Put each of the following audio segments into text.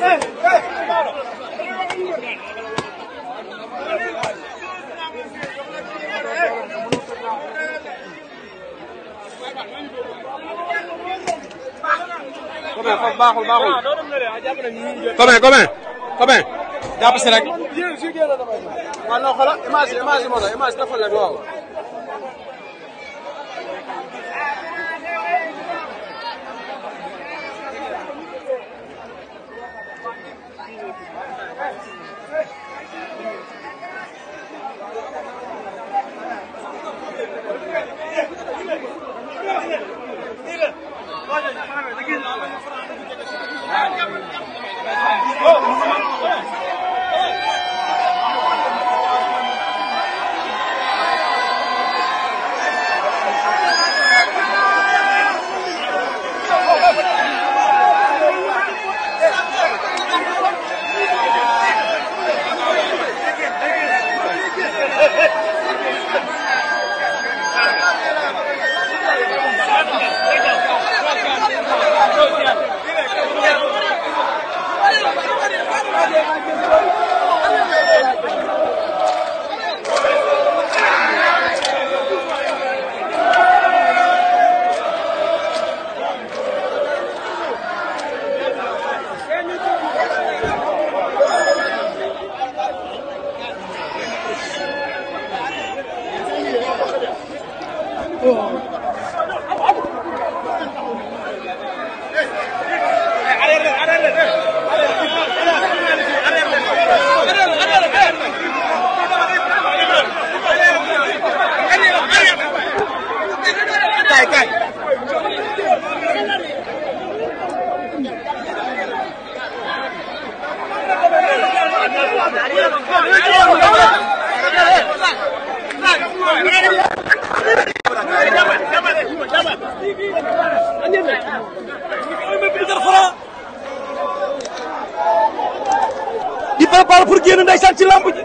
comme baaxul baaxul comme comme comme jàpp si rek. waaw non xoolal image image moo tax image dafa la waaw. Come on, come on. préparé pour ci lamb ji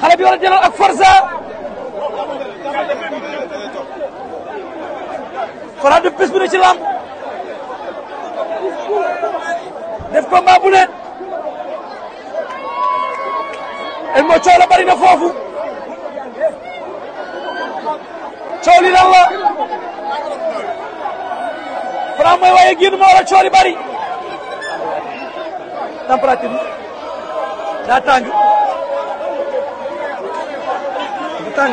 xale bi war a ak Forza. Fara def bés bu ne ci lamb def combat bu ne el moo coow bari na foofu coow li Fara mooy waaye génn moo war a bari température daa tàng daa tàng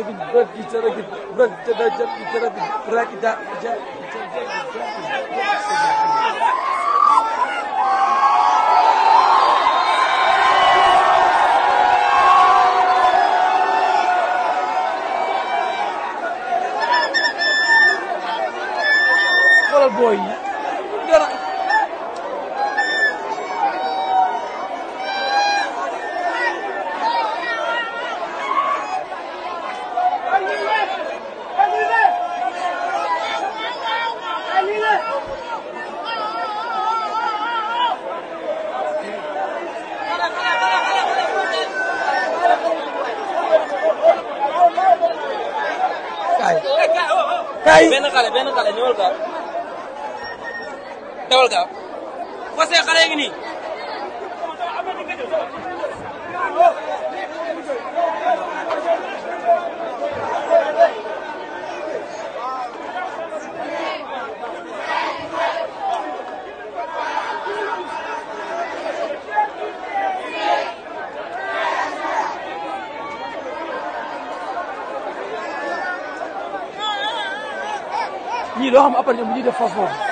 git bırak içeri git. Bırak içeri git. Bırak içeri ay benn xale benn xale ñëwal gaaw dawal gaaw fase xale yi nii lii doo xam après ñoom bu ñuy def